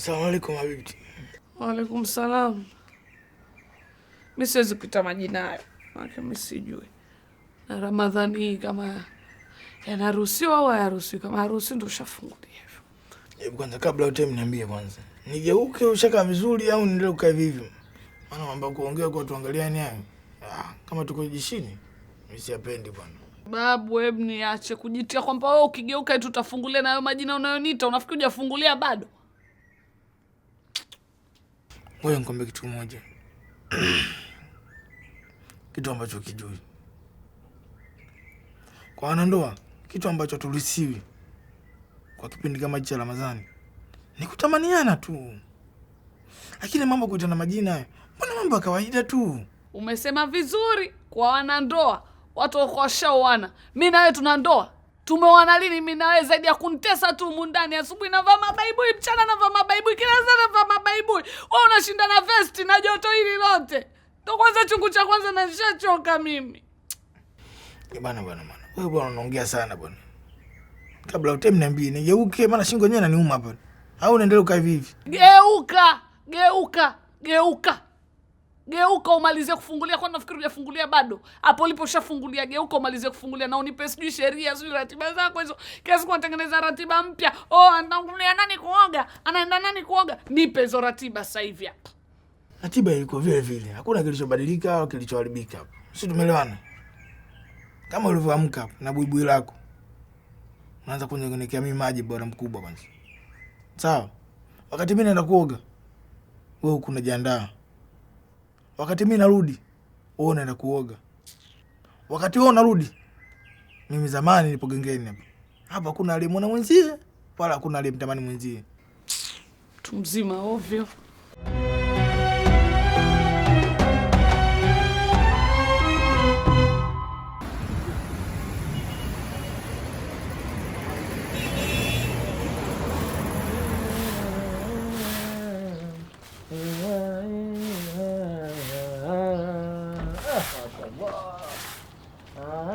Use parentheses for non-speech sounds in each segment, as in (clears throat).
Asalamu alaykum habibti. Waalaikum salam. Mi siwezi kuita majina hayo, maana mi sijui na Ramadhani hii kama yanaruhusiwa au hayaruhusiwi. Kama haruhusiwi ndo ushafungulia hivyo. Hebu kwanza, kabla yote, mniambie kwanza, nigeuke ushaka vizuri au niendelee kukaa hivyo? Maana mambo kuongea kwa tuangalia ni hayo, ah, kama tuko jishini, mi siyapendi bwana. Babu, hebu niache kujitia kwamba wewe ukigeuka tu utafungulia na hayo majina unayonita. Unafikiri hujafungulia bado? Ngoja nikwambie kitu kimoja (clears throat) kitu ambacho kijui kwa wanandoa, kitu ambacho tulisiwi kwa kipindi kama hichi cha Ramadhani ni kutamaniana tu, lakini mambo kuitana majina hayo, mbona mambo ya kawaida tu. Umesema vizuri, kwa wanandoa, watu wako washaoana. Mi na tuna ndoa, tumeoana lini? Mi na zaidi ya kunitesa tu mundani, asubuhi navaa mabaibui, mchana navaa mabaibui, kila saa navaa wewe unashinda na vesti na joto hili lote. Ndo kwanza chungu cha kwanza na nishachoka mimi. Eh, bana Bana bana Wewe bwana unaongea sana bwana. Kabla utem niambie nigeuke maana shingo yenyewe inaniuma hapa. Au unaendelea ukae hivi hivi. Geuka, geuka, geuka. Geuka umalizie kufungulia, kwani nafikiri hujafungulia bado? Hapo ulipo ushafungulia, geuka umalizie kufungulia na unipe sijui sheria sijui ratiba zako hizo, kesi siku natengeneza ratiba mpya. Oh, anatangulia nani kuoga, anaenda nani kuoga, nipe hizo ratiba sasa hivi. Hapa ratiba ilikuwa vile vile, hakuna kilichobadilika au kilichoharibika. Si tumeelewana? Kama ulivyoamka na buibui lako unaanza kunyonyekea mimi maji, bora mkubwa kwanza, sawa? Wakati mimi naenda kuoga, wewe ukunajiandaa Wakati mi narudi, wewe unaenda kuoga. Wakati wewe unarudi, mimi zamani nipo gengeni hapa. Hapa hakuna aliyemwona mwenzie wala hakuna aliyemtamani mwenzie. Mtu mzima ovyo. Hmm. (laughs)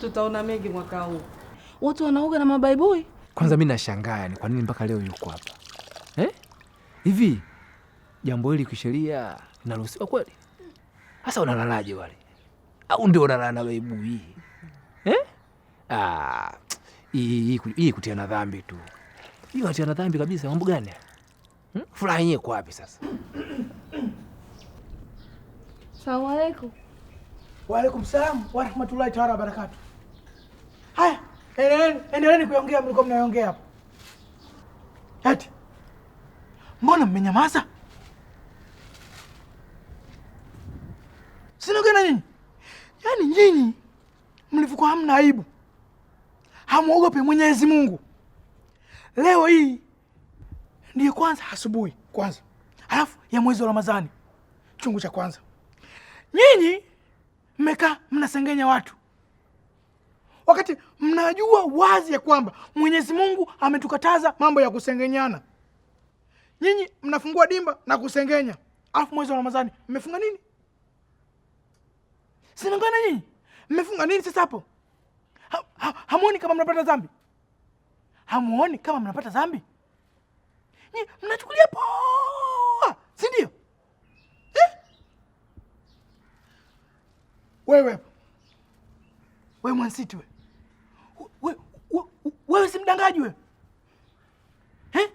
Tutaona mengi mwaka huu. Watu wanaoga na mabaibui. Kwanza mimi nashangaa ni kwa nini mpaka leo yuko hapa eh? Hivi jambo hili kisheria inaruhusiwa kweli? Sasa unalalaje wale au ndio unalala na waibu hii eh? Ah, hii hii kutia na dhambi tu, hii watia na dhambi kabisa. Mambo gani hmm? Furaha yenyewe kwa wapi sasa? Salamu alaykum. Wa alaykum salam wa rahmatullahi ta'ala barakatuh. Haya, endeleeni endeleeni kuongea mliko mnaongea hapo. Ati mbona mmenyamaza? Sinogena nini? Yaani nyinyi mlivyokuwa hamna aibu, hamwogope Mwenyezi Mungu. Leo hii ndiyo kwanza asubuhi kwanza, alafu ya mwezi wa Ramadhani chungu cha kwanza, nyinyi mmekaa mnasengenya watu wakati mnajua wazi ya kwamba Mwenyezi Mungu ametukataza mambo ya kusengenyana. Nyinyi mnafungua dimba na kusengenya, alafu mwezi wa Ramadhani mmefunga nini? Sinangana nyinyi mmefunga nini sasa hapo? Ha, ha, hamuoni kama mnapata dhambi? Hamuoni kama mnapata dhambi? Nyinyi mnachukulia poa, si ndio? Eh? Wewe wewe mwansiti wewe. Wewe we, we, si mdangaji wewe. Eh?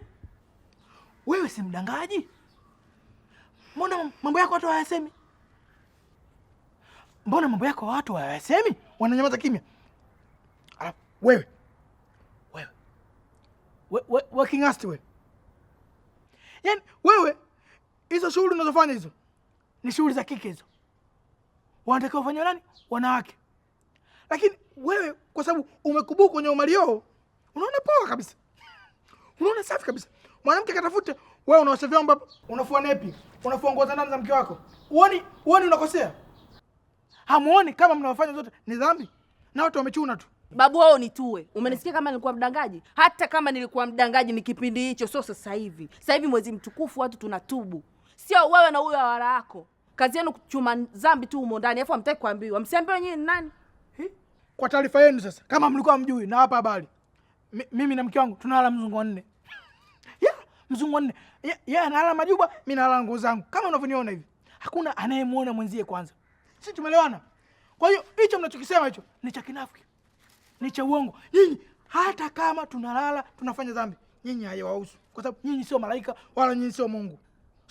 Wewe si mdangaji? Mbona mambo yako watu hayasemi? mbona mambo yako watu hawayasemi, wananyamaza kimya. Alafu wewe wewe we, we, working wewe, yaani wewe hizo shughuli unazofanya hizo ni shughuli za kike hizo, wanatakiwa kufanya nani? Wanawake. Lakini wewe kwa sababu umekubuka kwenye umalioo, unaona poa kabisa, (laughs) unaona safi kabisa. Mwanamke katafute wewe, unaosha vyombo, unafua nepi, unafua nguo za ndani za mke wako, uoni uoni unakosea hamuoni kama mnaofanya zote ni dhambi na watu wamechuna tu? Babu wao nitue. Umenisikia kama nilikuwa mdangaji? Hata kama nilikuwa mdangaji ni kipindi hicho, sio sasa hivi. Sasa hivi mwezi mtukufu, watu tunatubu, sio wewe na huyo awara yako. Kazi yenu kuchuma dhambi tu humo ndani, alafu hamtaki kuambiwa. Msiambiwe nyinyi ni nani? Kwa taarifa yenu sasa, kama mlikuwa mjui, na hapa habari, mimi na mke wangu tunalala mzungu wanne mzungu nne, yeye analala majuba, mimi nalala nguo zangu, kama unavyoniona hivi. Hakuna anayemwona mwenzie kwanza si tumeelewana? Kwa hiyo hicho mnachokisema hicho ni cha kinafiki, ni cha uongo. Nyinyi hata kama tunalala tunafanya dhambi, nyinyi haiwahusu, kwa sababu nyinyi sio malaika wala nyinyi sio Mungu,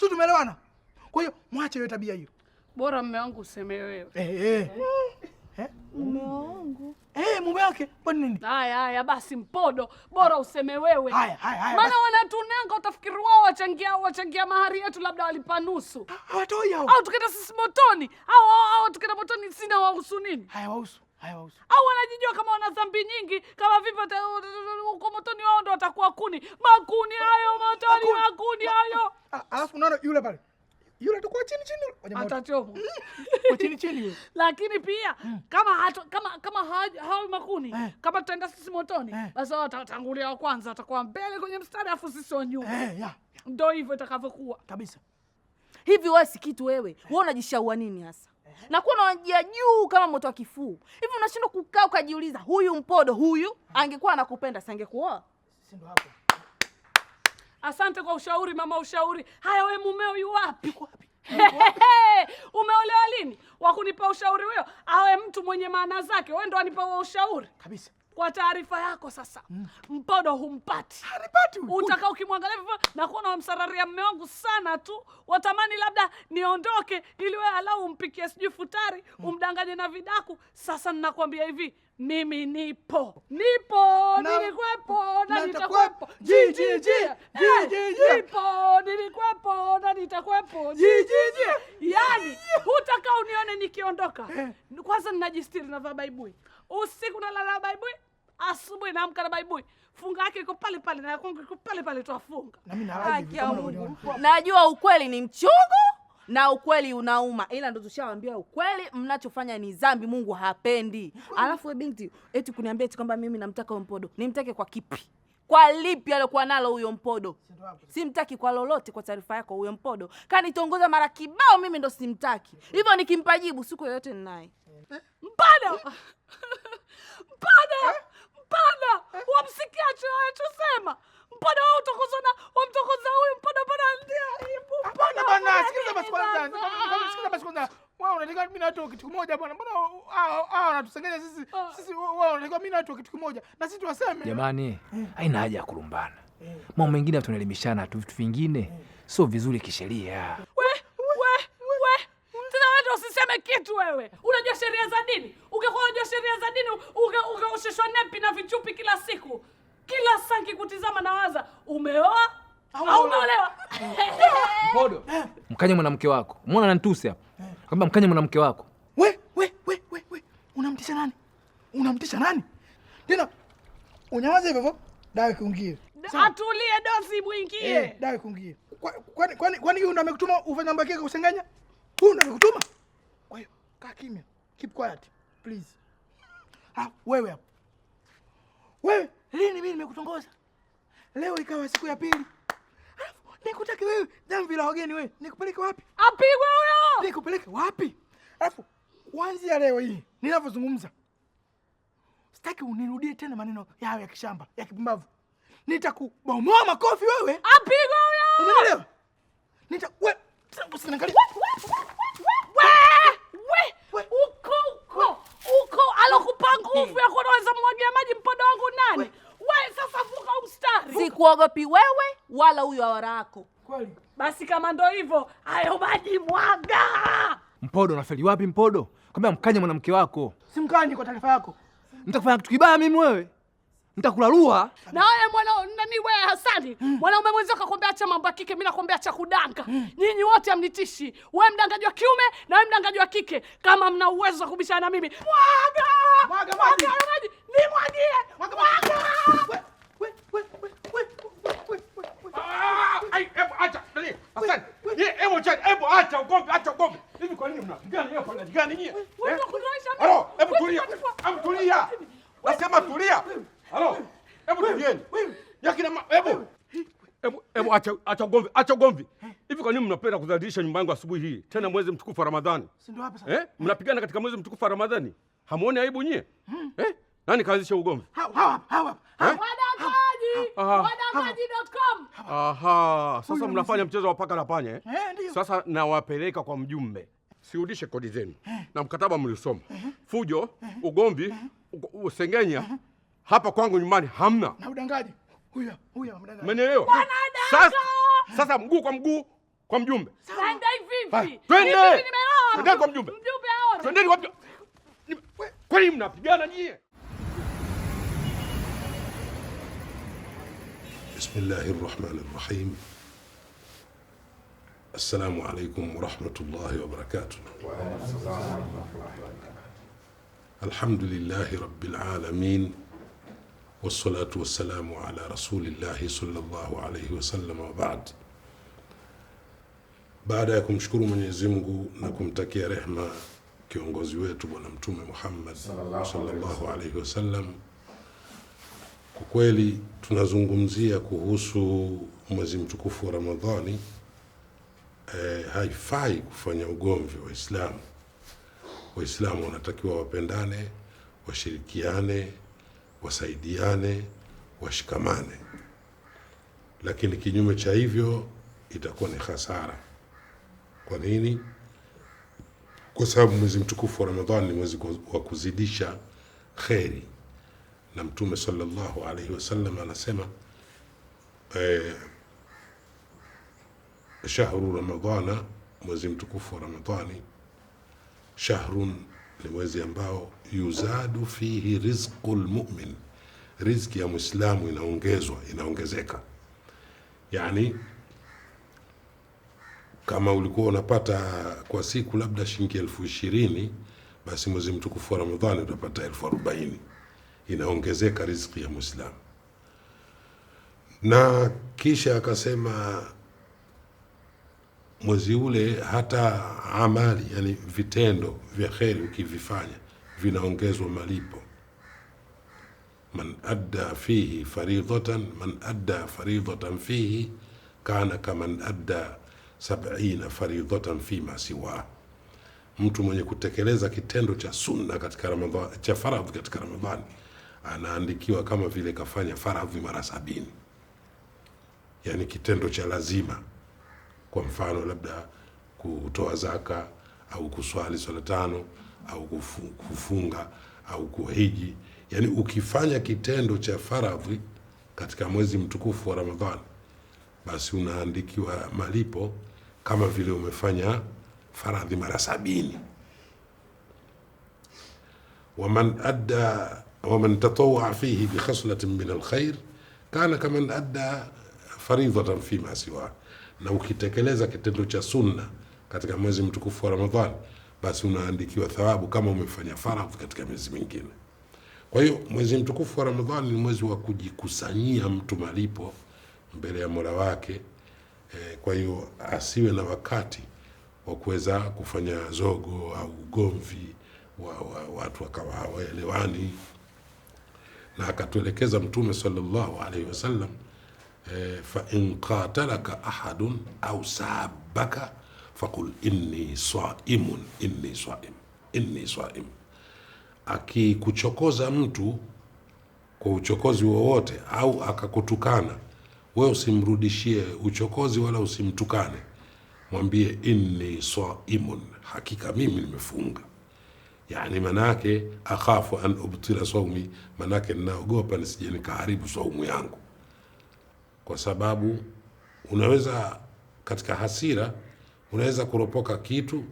si tumeelewana? Kwa hiyo mwache hiyo tabia hiyo, bora mme wangu useme wewe. Eh, eh mume wangu. Eh, mume wake kwa nini? Haya haya basi mpodo, bora useme wewe. Haya haya. Maana wanatunanga utafikiri wao wachangia wachangia mahari yetu labda walipa nusu. Hawatoi hao. Au tukenda sisi motoni. Au au tukenda motoni sina wahusu nini? Haya wahusu. Au wanajijua kama wana dhambi nyingi kama vipi huko motoni wao ndo watakuwa kuni. Makuni hayo motoni makuni hayo. Alafu unaona yule pale yule atakuwa chini chini, atachomwa mm. kwa chini chini yule. (laughs) Lakini pia mm. kama hatu, kama kama hawi makuni eh. kama tutaenda sisi motoni eh. basi watatangulia wa kwanza, watakuwa mbele kwenye mstari afu sisi wa nyuma eh, yeah, yeah. Ndo hivyo itakavyokuwa kabisa. Hivi wewe si kitu wewe eh. wewe unajishaua nini hasa eh? kuwa unajia juu kama moto wa kifuu hivi, unashindwa kukaa ukajiuliza, huyu mpodo huyu eh. angekuwa anakupenda sangekuoa, si ndo hapo Asante kwa ushauri mama, ushauri. Haya, we mumeo yu wapi? Umeolewa lini? Wakunipa ushauri huyo awe mtu mwenye maana zake. Wewe ndo anipa ushauri kabisa. Kwa taarifa yako sasa, mm. Mpodo humpati, haripati utaka. Ukimwangalia vivyo na kuona wamsararia mme wangu sana tu, watamani labda niondoke ili wewe alau umpikie sijui futari, mm. umdanganye na vidaku. Sasa ninakwambia hivi mimi nipo nipo, nilikwepo na nitakwepo, nipo nilikwepo na nitakwepo. Yani hutaka unione nikiondoka. Kwanza ninajistiri, navaa baibui usiku, nalala baibui, asubuhi naamka na baibui. Funga yake iko pale pale na yakongo iko pale pale, twafunga. najua ukweli ni mchungu na ukweli unauma, ila ndo tushawaambia ukweli. Mnachofanya ni dhambi, Mungu hapendi. Alafu binti eti kuniambia eti kwamba mimi namtaka huyo Mpodo. Nimtake kwa kipi? Kwa lipi aliokuwa nalo huyo Mpodo? Simtaki kwa lolote. Kwa taarifa yako, huyo Mpodo kanitongoza mara kibao, mimi ndo simtaki. Hivyo nikimpa jibu siku yoyote ninaye Mpodo. Mpodo, wamsikia tunachosema Mbona wao utakoza wamtokoza huyu? mpana bana ndia aibu? bana, sikiliza basi Sikiliza basi Wao mimi na kimoja bwana. Mbona hao wanatusengenya sisi? Ah. Sisi wao mimi na kimoja. Na sisi tuwaseme. Jamani, eh. haina haja ya kulumbana. Eh. Mambo mengine tunaelimishana tu, vitu vingine eh. sio vizuri kisheria. usiseme kitu wewe. Unajua sheria za dini? Ungekuwa unajua sheria za dini, ungeosheshwa nepi na vichupi kila siku. Kila saa nikikutizama nawaza umeoa au umeolewa. (laughs) Bodo. mkanye mwanamke wako. Umeona ananitusi hapa? Kwamba mkanye mwanamke wako. We, we, we, we, we. Unamtisha nani? Unamtisha nani? Tena unyamaze hivyo, dawa ikiingie. Atulie dosi mwingie. Eh, dawa ikiingie. Kwani kwani kwani yule ndo amekutuma ufanye mambo yake kusengenya? Huyu ndo amekutuma? Kwa hiyo kaa kimya. Keep quiet please. Ah, wewe hapo. Wewe Lini mimi nimekutongoza? Leo ikawa siku ya pili. Alafu nikutaki wewe jamvi la wageni wewe. Nikupeleke wapi? Apigwe huyo. Nikupeleke wapi? Alafu kuanzia leo hii ninavyozungumza. Sitaki unirudie tena maneno yao ya kishamba, ya kipumbavu. Nitakubomoa makofi wewe. Apigwe huyo. Umeelewa? Nita wewe, sasa nguvu eh. ya kunaweza naweza mwagia maji mpodo wangu nani? We sasa vuka umstari sikuogopi wewe wala huyo awara yako. Kweli basi, kama ndo hivyo, hayo maji mwaga. Mpodo nafeli wapi? Mpodo kwambia mkanye mwanamke wako, simkanye Kwa taarifa yako, nitakufanya kitu kibaya mimi wewe Nitakulalua. Na wewe mwana nani wewe Hasani? Mm. Mwanaume mwenzio akakwambia acha mambo ya kike, mimi nakwambia acha kudanga. Mm. Nyinyi wote amnitishi. Wewe mdangaji wa kiume na wewe mdangaji wa kike. Kama mna uwezo wa kubishana na mimi. Mwaga! Mwaga maji. Mwaga maji. Ni mwagie. Mwaga maji. We we we we we we. Ah, ai ebu acha. Nani? Hasani. Ye ebu acha, ebu acha ugomvi, acha ugomvi. Hivi kwa nini mnapigana leo kwa nini? Gani nyinyi? Wewe unakudoisha. Ebu tulia. Ebu tulia. Nasema tulia. Yeni. Wewe. Yakina hebu. Hebu acha acha ugomvi, acha ugomvi. Hivi kwa nini mnapenda kudhalilisha nyumba yangu asubuhi hii? Tena mwezi mtukufu wa Ramadhani. Si ndio hapa sasa? Eh? Mnapigana katika mwezi mtukufu wa Ramadhani. Hamuoni aibu nyie? Hmm. Eh? Nani kaanzisha ugomvi? Hawa hawa hawa. Eh? Wadangaji. Aha, sasa mnafanya mchezo wa paka na panya eh? Eh, sasa nawapeleka kwa mjumbe. Siudishe kodi zenu. Eh. Na mkataba mliosoma. Eh. Fujo, ugomvi, usengenya, hapa kwangu nyumbani hamna. Na udangaji huyo huyo amdanganya. Umeelewa? Sasa sasa mguu kwa mguu kwa mjumbe. Twende vipi? Twende. Twende kwa mjumbe. Mjumbe aone. Twende kwa mjumbe. Kwani mnapigana nyie? Bismillahi rahmani rahim. Assalamu alaykum alaykum wa wa Wa wa rahmatullahi barakatuh. assalam rahmatullahi wa barakatuh. Alhamdulillahi rabbil alamin wassalatu wassalamu ala rasulillahi sallallahu alaihi wasallam wabad. Baada ya kumshukuru Mwenyezi Mungu na kumtakia rehma kiongozi wetu Bwana Mtume Muhammad sallallahu alaihi wasallam, kwa kweli tunazungumzia kuhusu mwezi mtukufu wa Ramadhani. E, haifai kufanya ugomvi Waislamu. Waislamu wanatakiwa wapendane, washirikiane wasaidiane, washikamane, lakini kinyume cha hivyo itakuwa ni hasara. Kwa nini? Kwa sababu mwezi mtukufu wa Ramadhani ni mwezi wa kuzidisha kheri, na Mtume sallallahu alaihi wasallam anasema eh, shahru Ramadhana, mwezi mtukufu wa Ramadhani shahrun ni mwezi ambao yuzadu fihi rizqu lmumin, rizki ya mwislamu inaongezwa inaongezeka. Yani kama ulikuwa unapata kwa siku labda shilingi elfu ishirini basi mwezi mtukufu wa Ramadhani utapata elfu arobaini inaongezeka rizki ya mwislamu. Na kisha akasema mwezi ule hata amali, yani vitendo vya kheri ukivifanya vinaongezwa malipo. man adda fihi faridatan man adda faridhatan fihi kana kaman adda sabina faridhatan fima siwa, mtu mwenye kutekeleza kitendo cha sunna katika Ramadhani, cha faradhi katika Ramadhani anaandikiwa kama vile kafanya faradhi mara sabini, yani kitendo cha lazima kwa mfano labda kutoa zaka au kuswali swala tano au kufunga au kuhiji, yani ukifanya kitendo cha faradhi katika mwezi mtukufu wa Ramadhani, basi unaandikiwa malipo kama vile umefanya faradhi mara sabini. Waman adda waman tatawwa fihi bikhaslatin min alkhair kana kaman adda faridhatan fima siwaa na ukitekeleza kitendo cha sunna katika mwezi mtukufu wa Ramadhani, basi unaandikiwa thawabu kama umefanya faradhi katika miezi mingine. Kwa hiyo mwezi mtukufu wa Ramadhani ni mwezi wa kujikusanyia mtu malipo mbele ya Mola wake. E, kwa hiyo asiwe na wakati wa kuweza kufanya zogo au ugomvi wa, wa, watu wakawa hawaelewani, na akatuelekeza Mtume sallallahu alaihi wasallam eh, fa in qatalaka ahadun au sabaka faqul inni saimun inni saim inni saim, akikuchokoza mtu kwa uchokozi wowote au akakutukana wewe, usimrudishie uchokozi wala usimtukane, mwambie inni saimun, hakika mimi nimefunga. Yani manake akhafu an ubtila saumi, manake ninaogopa nisije nikaharibu saumu yangu kwa sababu unaweza katika hasira unaweza kuropoka kitu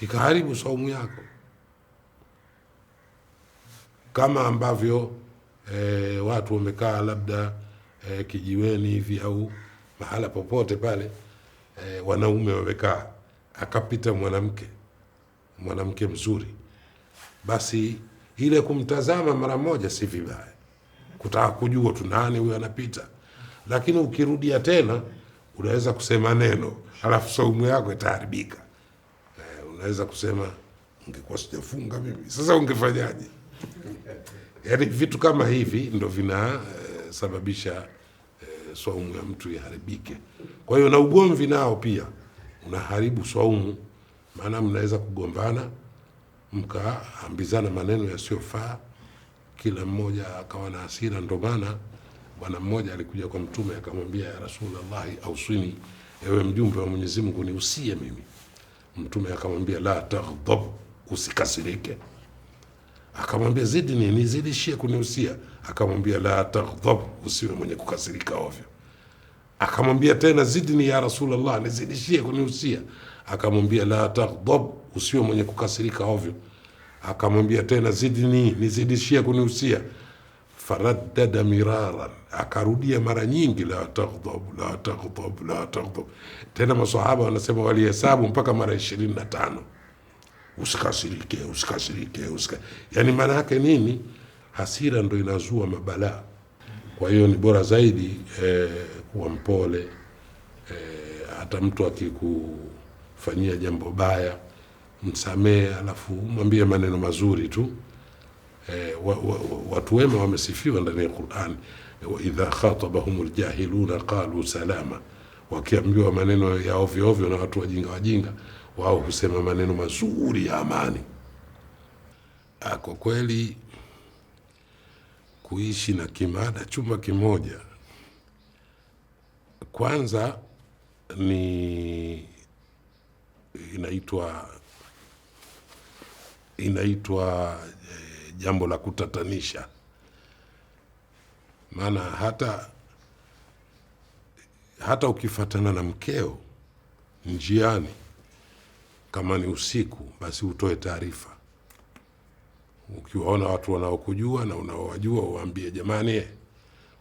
kikaharibu saumu yako, kama ambavyo e, watu wamekaa labda e, kijiweni hivi au mahala popote pale e, wanaume wamekaa, akapita mwanamke mwanamke mzuri, basi ile kumtazama mara moja si vibaya, kutaka kujua tu nani huyo anapita lakini ukirudia tena unaweza kusema neno alafu saumu yako itaharibika. Eh, unaweza kusema ungekuwa sijafunga mimi, sasa ungefanyaje? (laughs) Yaani vitu kama hivi ndo vinasababisha eh, eh, ya mtu iharibike. Kwa hiyo na ugomvi nao pia unaharibu swaumu, maana mnaweza kugombana mkaambizana maneno yasiyofaa, kila mmoja akawa na hasira, ndo maana Bwana mmoja alikuja kwa Mtume akamwambia, ya Rasulullahi, auswini, ewe mjumbe wa Mwenyezi Mungu, niusie mimi. Mtume akamwambia, la taghdhab usikasirike. Akamwambia, zidini, nizidishie kuniusia. Akamwambia, la taghdhab usiwe mwenye kukasirika ovyo. Akamwambia tena, zidini ya Rasulullah, nizidishie kuniusia. Akamwambia, la taghdhab usiwe mwenye kukasirika ovyo. Akamwambia tena, zidini, nizidishie kuniusia faraddada miraran, akarudia mara nyingi, la taghdhab la taghdhab la taghdhab. Tena masahaba wanasema walihesabu mpaka mara ishirini na tano usikasirike, usikasirike, usika. Yani maana yake nini? Hasira ndo inazua mabalaa. Kwa hiyo ni bora zaidi eh, kuwa mpole eh, hata mtu akikufanyia jambo baya msamehe, alafu mwambie maneno mazuri tu. Eh, watu wema wamesifiwa ndani ya Qur'an, idha khatabahum aljahiluna qalu salama, wakiambiwa maneno ya ovyo ovyo na watu wajinga wajinga, wao husema maneno mazuri ya amani. Ah, kwa kweli kuishi na kimada chumba kimoja kwanza ni inaitwa inaitwa jambo la kutatanisha, maana hata hata ukifatana na mkeo njiani, kama ni usiku, basi utoe taarifa. Ukiwaona watu wanaokujua na unaowajua, uwaambie jamani,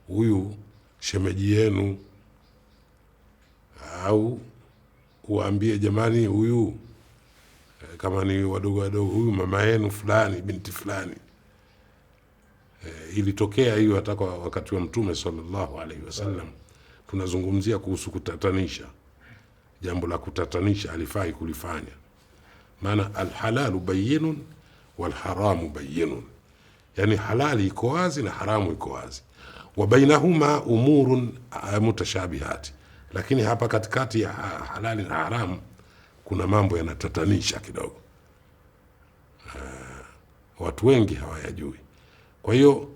huyu shemeji yenu, au uwaambie jamani, huyu kama ni wadogo wadogo, huyu mama yenu fulani, binti fulani. Eh, ilitokea hiyo hata kwa wakati wa Mtume sallallahu alaihi wasallam. Tunazungumzia kuhusu kutatanisha, jambo la kutatanisha alifai kulifanya, maana alhalalu bayinun walharamu bayinun, yani halali iko wazi na haramu iko wazi, wa bainahuma umurun ah, mutashabihati, lakini hapa katikati ya halali na haramu kuna mambo yanatatanisha kidogo. Ah, watu wengi hawayajui. Kwa hiyo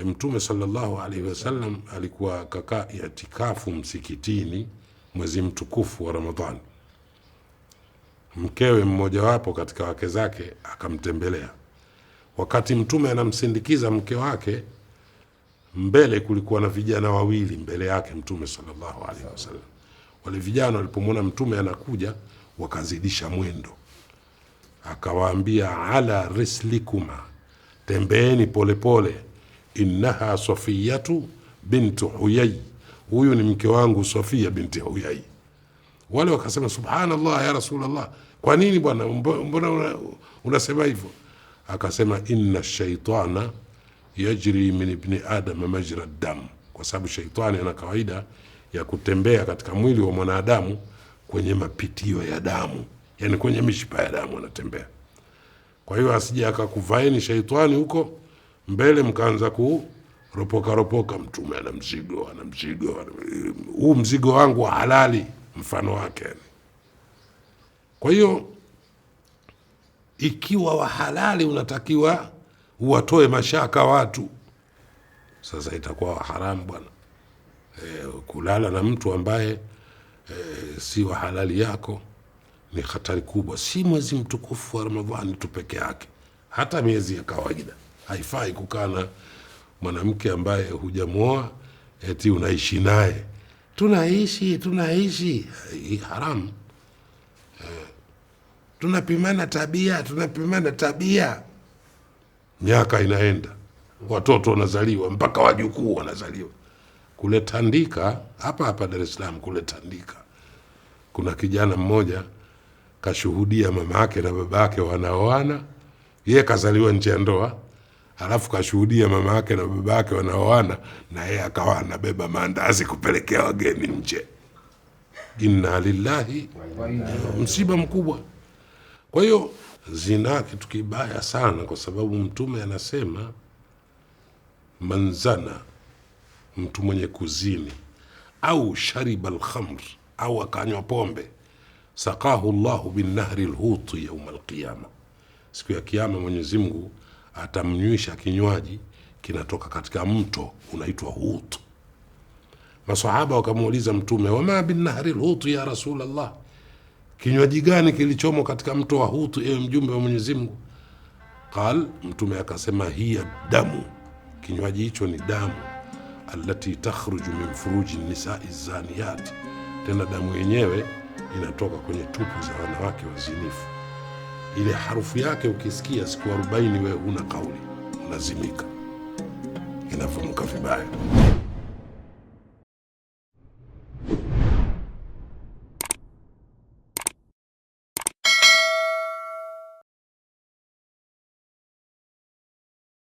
e, Mtume sallallahu alaihi wasallam alikuwa kakaa itikafu msikitini mwezi mtukufu wa Ramadhani. Mkewe mmojawapo katika wake zake akamtembelea. Wakati Mtume anamsindikiza mke wake mbele, kulikuwa na vijana wawili mbele yake Mtume sallallahu alaihi wasallam. Wale vijana walipomwona Mtume anakuja wakazidisha mwendo, akawaambia ala rislikuma tembeeni polepole. Innaha Safiyatu bintu Huyai, huyu ni mke wangu Safia binti Huyai. Wale wakasema subhanallah, ya rasulllah kwa nini bwana, mbona unasema hivyo? Akasema inna shaitana yajri min ibni adama majra dam, kwa sababu shaitani ana kawaida ya kutembea katika mwili wa mwanadamu kwenye mapitio ya damu, yani kwenye mishipa ya damu anatembea. Kwa hiyo asije akakuvaeni shaitani huko mbele, mkaanza kuropoka ropoka, mtume ana mzigo, ana mzigo, huu mzigo wangu wa halali, mfano wake. Kwa hiyo ikiwa wa halali unatakiwa uwatoe mashaka watu, sasa itakuwa wa haramu bwana e, kulala na mtu ambaye e, si wa halali yako ni hatari kubwa. Si mwezi mtukufu wa Ramadhani tu peke yake, hata miezi ya kawaida haifai kukaa na mwanamke ambaye hujamwoa eti unaishi naye, tunaishi tunaishi, haramu eh, Tunapimana tabia, tunapimana tabia, miaka inaenda, watoto wanazaliwa, mpaka wajukuu wanazaliwa. Kule Tandika hapa hapa Dar es Salaam, kule Tandika kuna kijana mmoja kashuhudia mama yake na baba yake wanaoana, yeye kazaliwa nje ya ndoa, alafu kashuhudia mama yake na baba yake wanaoana, na yeye akawa anabeba maandazi kupelekea wageni nje. Inna lillahi, msiba mkubwa. Kwa hiyo zinaa kitu kibaya sana, kwa sababu Mtume anasema manzana, mtu mwenye kuzini au shariba lkhamr au akanywa pombe sakahu llahu binnahri lhuti yauma lqiama, siku ya Kiama Mwenyezi Mungu atamnywisha kinywaji kinatoka katika mto unaitwa Hut. Masahaba wakamuuliza Mtume, wama binnahri lhuti ya Rasulullah, kinywaji gani kilichomo katika mto wa Hutu, ewe mjumbe wa Mwenyezi Mungu? Qal, Mtume akasema hiya damu, kinywaji hicho ni damu alati takhruju min furuji nisai zaniyat, tena damu yenyewe inatoka kwenye tupu za wanawake wazinifu. Ile harufu yake ukisikia siku arobaini, wewe una kauli, unazimika, inavunuka vibaya.